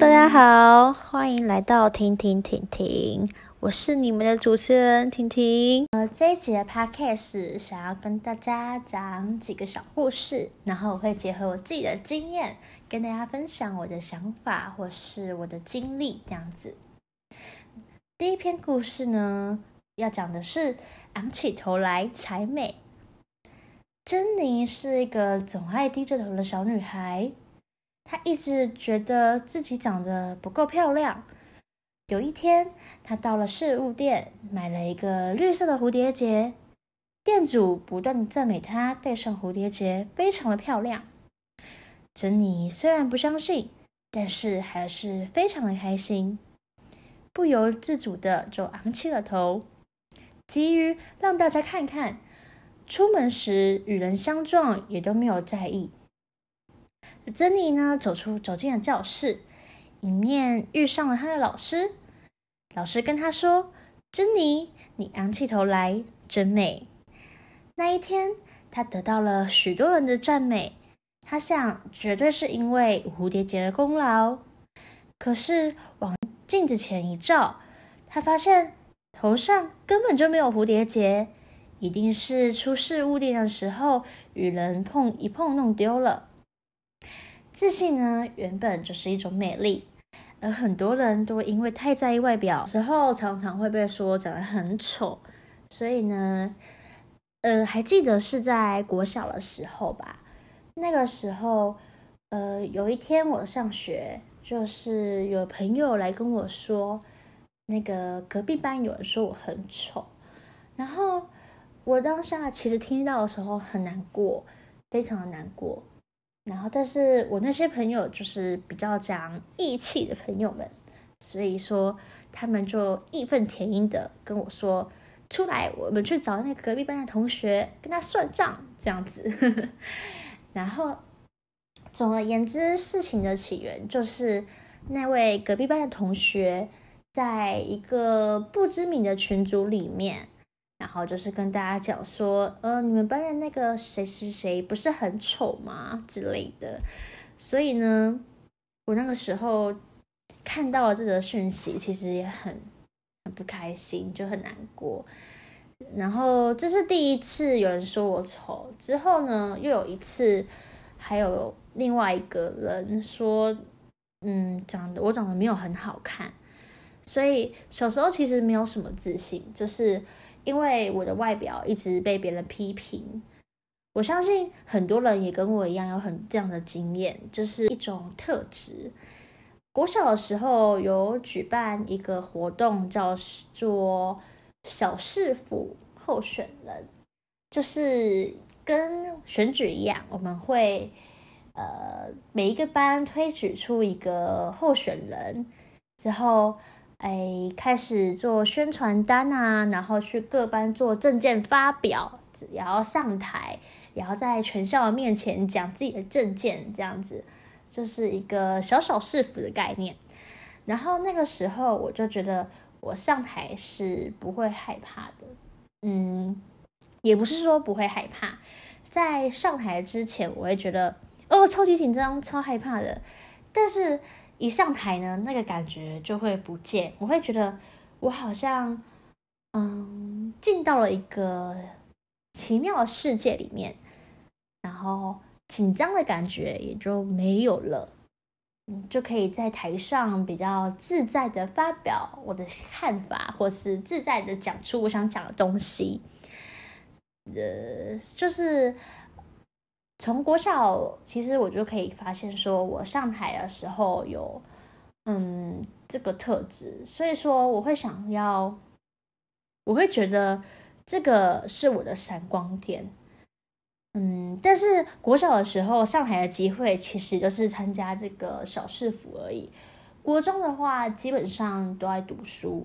大家好，歡迎來到聽聽婷婷，我是你們的主持人婷婷。呃，我這一集的 podcast 想要跟大家講幾個小故事，然後我會結合我自己的經驗，跟大家分享我的想法或是我的經歷這樣子。第一篇故事呢，要講的是昂起頭來才美。珍妮是一個總愛低着頭的小女孩。她一直覺得自己長得不夠漂亮。有一天，她到了飾物店，買了一個綠色的蝴蝶結。店主不斷的讚美她，戴上蝴蝶結非常的漂亮。珍妮雖然不相信，但是還是非常的開心，不由自主的就昂起了頭，急於讓大家看看。出門時與人相撞也都沒有在意。珍妮呢？走出走進了教室，迎面遇上了她的老師。老師跟她說：“珍妮，你昂起頭來，真美。”那一天，她得到了許多人的讚美。她想，絕對是因為蝴蝶結的功勞。可是往鏡子前一照，她發現頭上根本就沒有蝴蝶結，一定是出飾物店的時候與人碰一碰弄丟了。自信呢，原本就是一種美麗，而很多人都因為太在意外表時候，之後常常會被說長得很醜。所以呢，呃，還記得是在國小的時候吧？那個時候，呃，有一天我上學，就是有朋友來跟我說，那個隔壁班有人說我很醜，然後我當下其實聽到的時候很難過，非常的難過。然後，但是我那些朋友就是比較講義氣的朋友們，所以說他們就義憤填膺地跟我說：“出來，我們去找那個隔壁班的同學，跟他算賬，這樣子。”呵呵然後，總而言之，事情的起源就是那位隔壁班的同學，在一個不知名的群組裡面。好，就是跟大家講說，嗯、呃，你們班的那個誰誰誰不是很醜嗎？之類的。所以呢，我那個時候看到了這則訊息，其實也很很不開心，就很難過。然後這是第一次有人說我醜，之後呢，又有一次，還有另外一個人說，嗯，長得我長得沒有很好看。所以小時候其實沒有什麼自信，就是。因為我的外表一直被別人批評，我相信很多人也跟我一樣有很這樣的經驗，就是一種特質。國小的時候有舉辦一個活動，叫做小市府候選人，就是跟選舉一樣，我們會呃每一個班推舉出一個候選人之後。哎，開始做宣傳單啊，然後去各班做政見發表，也要上台，也要在全校面前講自己的政見，這樣子就是一個小小試服的概念。然後那個時候，我就覺得我上台是不會害怕的，嗯，也不是說不會害怕，在上台之前，我會覺得哦，超級緊張，超害怕的，但是。一上台呢，那個感覺就會不見。我會覺得我好像，嗯，進到了一個奇妙的世界裡面，然後緊張的感覺也就沒有了，就可以在台上比較自在的發表我的看法，或是自在的講出我想講的東西。呃，就是。從國小，其實我就可以發現說，說我上台的時候有，嗯，這個特質，所以說我會想要，我會覺得這個是我的閃光點，嗯，但是國小的時候上台的機會，其實就是參加這個小市府而已。國中的話，基本上都在讀書，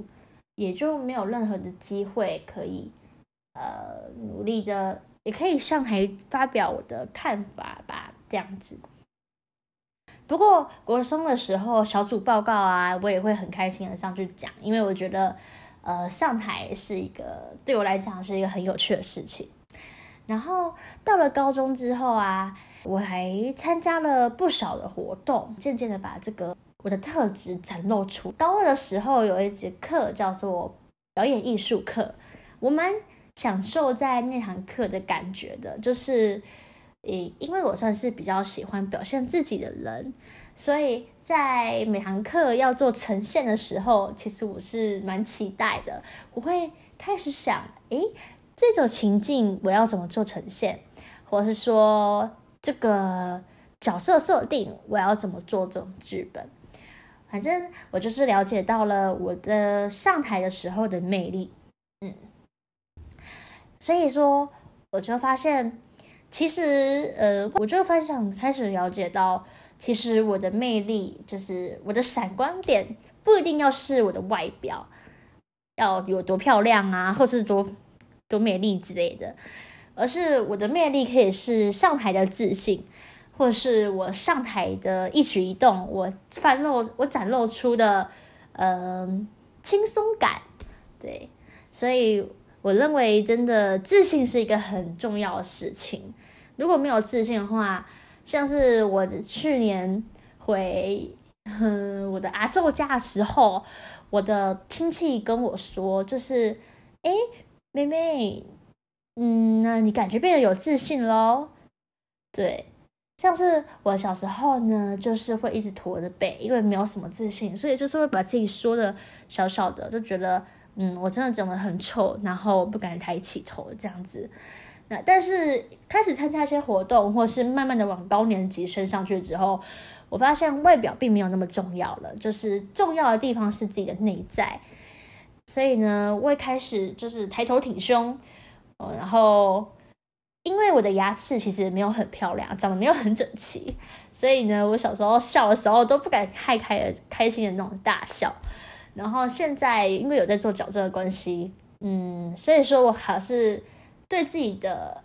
也就沒有任何的機會可以，呃，努力的。也可以上台發表我的看法吧，這樣子。不過國中的時候小組報告啊，我也會很開心的上去講，因為我覺得，呃，上台是一個對我來講是一個很有趣的事情。然後到了高中之後啊，我還參加了不少的活動，漸漸的把這個我的特質展露出。高二的時候有一節課叫做表演藝術課，我們。享受在那堂課的感覺的，就是，誒，因為我算是比較喜歡表現自己的人，所以在每堂課要做呈現的時候，其實我是蠻期待的。我會開始想，誒，這種情境我要怎麼做呈現，或是說這個角色設定我要怎麼做這種劇本。反正我就是了解到了我的上台的時候的魅力。所以說，我就發現，其實，呃，我就發現，開始了解到，其實我的魅力就是我的閃光點，不一定要是我的外表要有多漂亮啊，或是多多美麗之類的，而是我的魅力可以是上台的自信，或是我上台的一舉一動，我翻露我展露出的，嗯、呃，輕鬆感，對，所以。我認為真的自信是一個很重要的事情。如果沒有自信的話，像是我去年回我的阿祖家的時候，我的親戚跟我說，就是哎、欸，妹妹，嗯，那你感覺變得有自信嘍？對，像是我小時候呢，就是會一直駝着背，因為沒有什麼自信，所以就是會把自己縮得小小的，就覺得。嗯，我真的長得很醜，然後不敢抬起頭這樣子。那但是開始參加一些活動，或是慢慢的往高年級升上去之後，我發現外表並沒有那麼重要了，就是重要的地方是自己的內在。所以呢，我一開始就是抬頭挺胸，哦，然後因為我的牙齒其實沒有很漂亮，長得沒有很整齊，所以呢，我小時候笑的時候都不敢太開開心的那種大笑。然後現在因為有在做矯正的關係，嗯，所以說我還是對自己的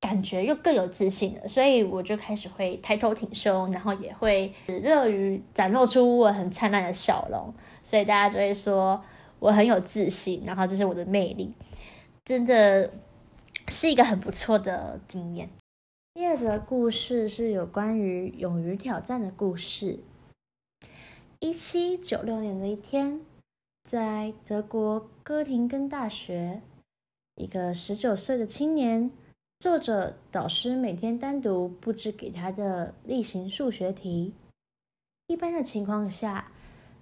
感覺又更有自信了，所以我就開始會抬頭挺胸，然後也會樂於展露出我很燦爛的笑容，所以大家就會說我很有自信，然後這是我的魅力，真的是一個很不錯的經驗。第二則故事是有關於勇於挑戰的故事。一七九六年的一天，在德國哥廷根大學，一個十九歲的青年做着導師每天單獨布置給他的例行數學題。一般的情況下，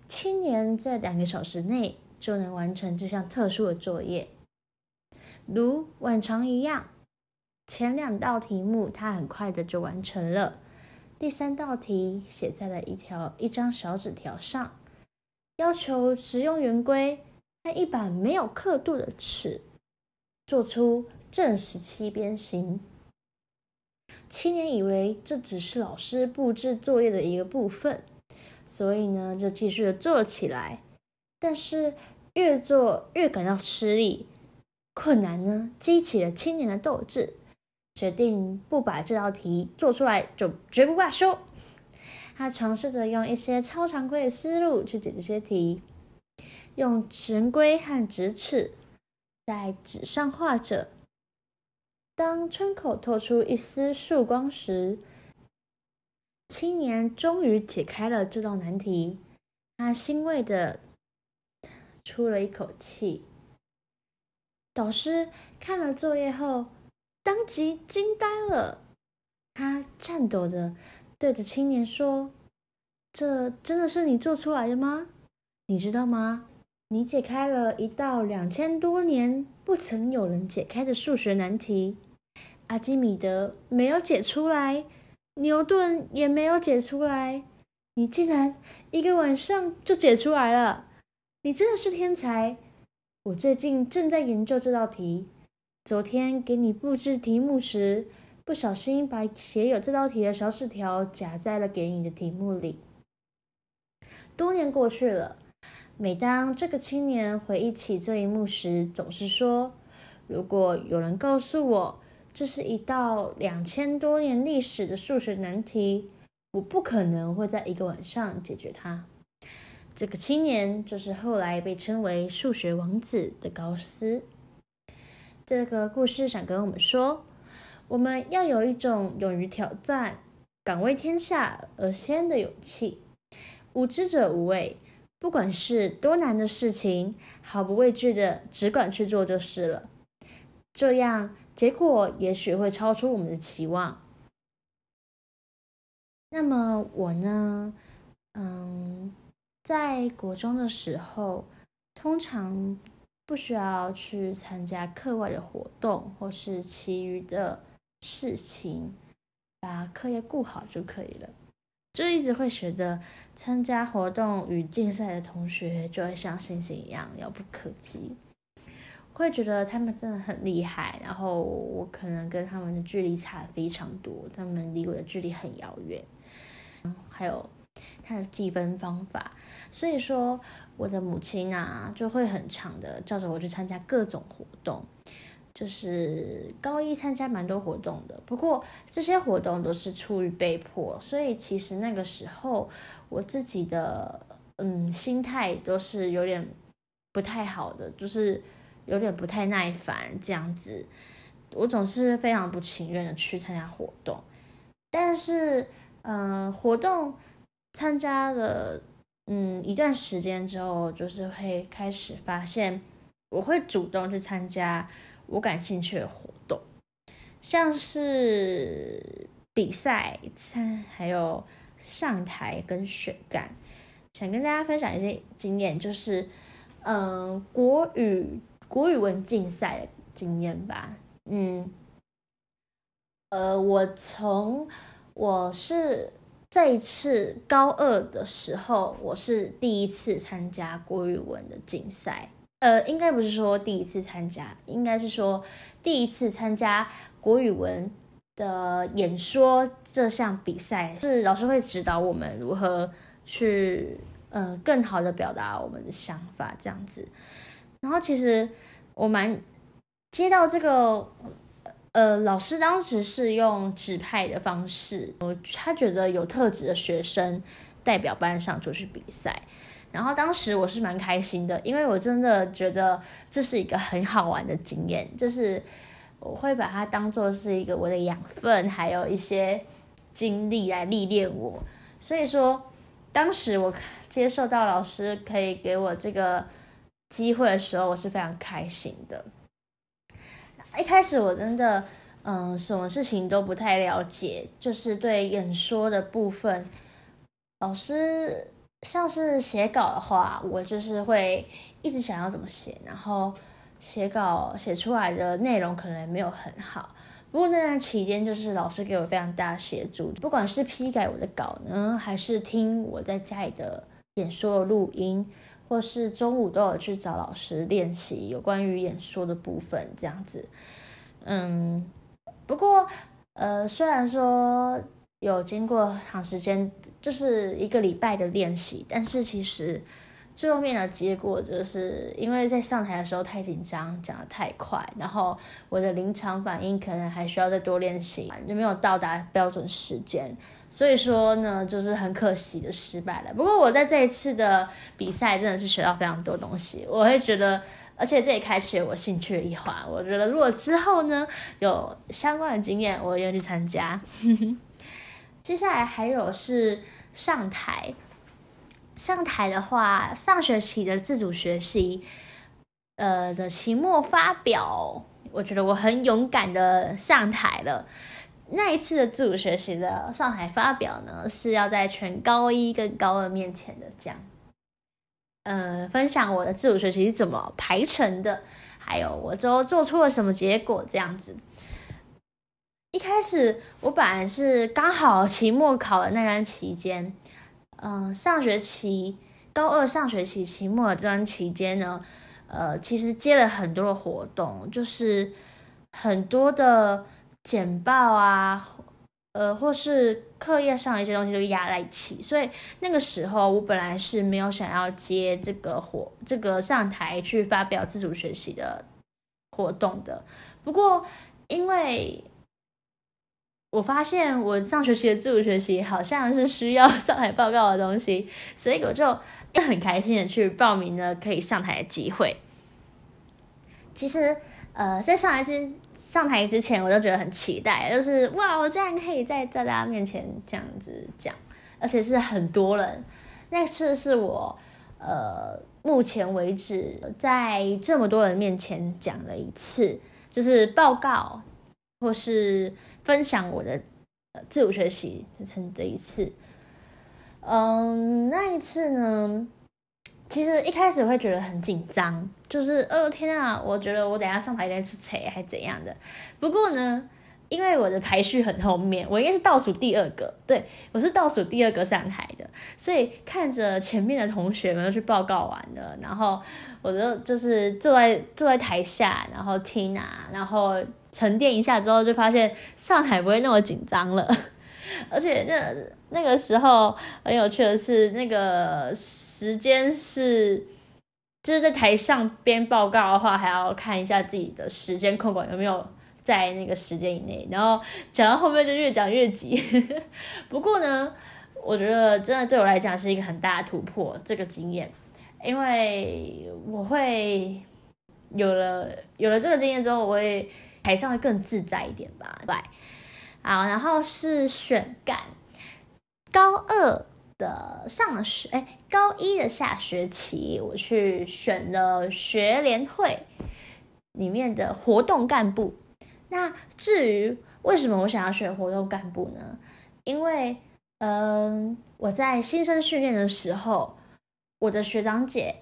青年在兩個小時內就能完成這項特殊的作業。如往常一樣，前兩道題目他很快的就完成了。第三道題寫在了一條一張小紙條上，要求使用圓規和一把沒有刻度的尺，做出正十七邊形。青年以為這只是老師布置作業的一個部分，所以呢就繼續的做起來。但是越做越感到吃力，困難呢激起了青年的鬥志。決定不把這道題做出來，就絕不罷休。他嘗試着用一些超常規的思路去解這些題，用圓規和直尺在紙上畫着。當窗口透出一絲曙光時，青年終於解開了這道難題。他欣慰的出了一口氣。導師看了作業後，當即驚呆了，他顫抖着對着青年說：“這真的是你做出來的嗎？你知道嗎？你解開了一道兩千多年不曾有人解開的數學難題。阿基米德沒有解出來，牛頓也沒有解出來，你竟然一個晚上就解出來了！你真的是天才！我最近正在研究這道題。”昨天給你布置題目時，不小心把寫有這道題的小紙條夾在了給你的題目裡。多年過去了，每當這個青年回憶起這一幕時，總是說：“如果有人告訴我，這是一道兩千多年歷史的數學難題，我不可能會在一個晚上解決它。”這個青年就是後來被稱為“數學王子”的高斯。這個故事想跟我們說，我們要有一種勇於挑戰、敢為天下而先的勇氣。無知者無畏，不管是多難的事情，毫不畏懼地只管去做就是了。這樣結果也許會超出我們的期望。那麼我呢？嗯，在國中的時候，通常。不需要去參加課外的活動或是其餘的事情，把課業顧好就可以了。就一直會覺得參加活動與競賽的同學就會像星星一樣遙不可及，會覺得他們真的很厲害，然後我可能跟他們的距離差非常多，他們離我的距離很遙遠。還有他的計分方法。所以說，我的母親啊，就會很常的叫着我去參加各種活動，就是高一參加蠻多活動的。不過這些活動都是出於被迫，所以其實那個時候我自己的嗯心態都是有點不太好的，就是有點不太耐煩這樣子。我總是非常不情願的去參加活動，但是嗯、呃，活動參加了。嗯，一段時間之後，就是會開始發現，我會主動去參加我感興趣的活動，像是比賽、參還有上台跟選幹，想跟大家分享一些經驗，就是，嗯、呃，國語國語文競賽的經驗吧。嗯，呃，我從，我是。這一次高二的時候，我是第一次參加國語文的競賽，呃，應該不是說第一次參加，應該是說第一次參加國語文的演說這項比賽，是老師會指導我們如何去，嗯、呃，更好地表達我們的想法這樣子。然後其實我蠻接到這個。呃，老師當時是用指派的方式，我他覺得有特質的學生代表班上出去比賽，然後當時我是蠻開心的，因為我真的覺得這是一個很好玩的經驗，就是我會把它當做是一個我的養分，還有一些經歷來歷練我，所以說當時我接受到老師可以給我這個機會的時候，我是非常開心的。一開始我真的，嗯，什麼事情都不太了解，就是對演說的部分。老師像是寫稿的話，我就是會一直想要怎麼寫，然後寫稿寫出來的內容可能也沒有很好。不過那段期間就是老師給我非常大的協助，不管是批改我的稿呢，還是聽我在家裡的演說的錄音。或是中午都有去找老師練習，有關於演說的部分，這樣子。嗯，不過，呃，雖然說有經過長時間，就是一個禮拜的練習，但是其實，最後面的結果就是，因為在上台的時候太緊張，講得太快，然後我的臨場反應可能還需要再多練習，就沒有到達標準時間，所以說呢，就是很可惜的失敗了。不過我在這一次的比賽真的是學到非常多東西，我會覺得，而且這也開啟了我興趣的一環。我覺得如果之後呢有相關的經驗，我願意去參加。 接下來還有是上台。上台的話，上學期的自主學習，呃的期末發表，我覺得我很勇敢的上台了。那一次的自主學習的上台發表呢，是要在全高一跟高二面前的講，呃，分享我的自主學習是怎麼排成的，還有我最後做出了什麼結果這樣子。一開始我本來是剛好期末考的那段期間。嗯、呃，上學期高二上學期期末這段期間呢，呃，其實接了很多的活動，就是很多的簡報啊，呃，或是課業上一些東西都壓在一起，所以那個時候我本來是沒有想要接這個活，這個上台去發表自主學習的活動的，不過因為。我發現我上學期的自主學習好像是需要上台報告的東西，所以我就很開心地去報名了可以上台的機會。其實，呃，在上一次上台之前，我都覺得很期待，就是哇，我竟然可以在在大家面前這樣子講，而且是很多人。那次是我呃目前為止在這麼多人面前講了一次，就是報告或是。分享我的自主學習的一次。嗯，那一次呢，其實一開始會覺得很緊張，就是哦，天啊，我覺得我等下上台一定是醜還是怎樣的。不過呢，因為我的排序很後面，我應該是倒數第二個，對，我是倒數第二個上台的，所以看着前面的同學們都去報告完了，然後我就就是坐在坐在台下，然後聽啊，然後。沉澱一下之後，就發現上台不會那麼緊張了。而且那那個時候很有趣的是，那個時間是就是在台上編報告的話，還要看一下自己的時間控管有沒有在那個時間以內。然後講到後面就越講越急。不過呢，我覺得真的對我來講是一個很大的突破，這個經驗，因為我會有了有了這個經驗之後，我會。台上會更自在一點吧，對、right。好，然後是選幹。高二的上學，哎，高一的下學期，我去選了學聯會裡面的活動幹部。那至於為什麼我想要選活動幹部呢？因為，嗯、呃，我在新生訓練的時候，我的學長姐，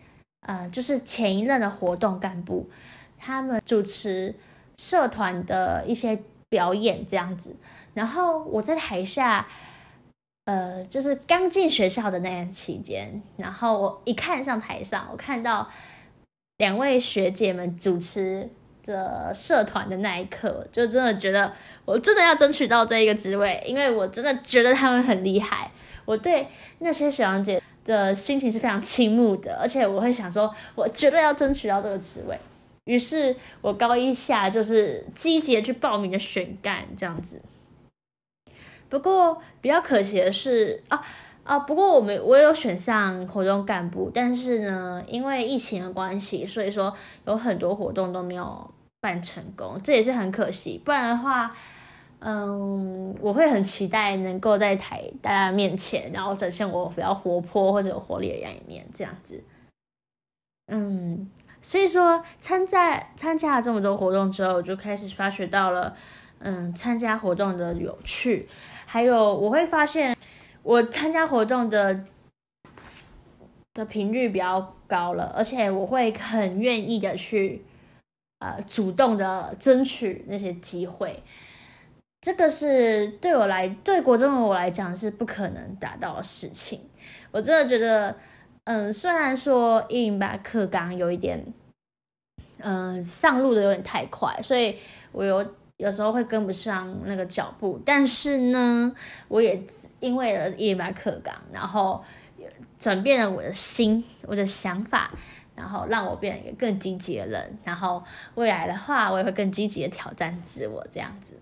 嗯、呃，就是前一任的活動幹部，他們主持社團的一些表演這樣子，然後我在台下，呃，就是剛進學校的那段期間，然後我一看上台上，我看到兩位學姐們主持的社團的那一刻，就真的覺得我真的要爭取到這一個職位，因為我真的覺得她們很厲害，我對那些學長姐的心情是非常傾慕的，而且我會想說，我絕對要爭取到這個職位。於是我高一下就是積極去報名的選幹這樣子。不過比較可惜的是啊啊，不過我沒，我有選上活動幹部，但是呢，因為疫情的關係，所以說有很多活動都沒有辦成功，這也是很可惜。不然的話，嗯，我會很期待能夠在台大家面前，然後展現我比較活潑或者有活力的樣一面這樣子。嗯。所以說，參加參加了這麼多活動之後，我就開始發覺到了，嗯，參加活動的有趣，還有我會發現，我參加活動的的頻率比較高了，而且我會很願意的去，呃，主動的爭取那些機會，這個是對我來，對國中的我來講是不可能達到的事情，我真的覺得。嗯，雖然說108課綱有一點，嗯，上路的有點太快，所以我有有時候會跟不上那個腳步。但是呢，我也因為了108課綱，然後轉變了我的心，我的想法，然後讓我變成一個更積極的人。然後未來的話，我也會更積極的挑戰自我，這樣子。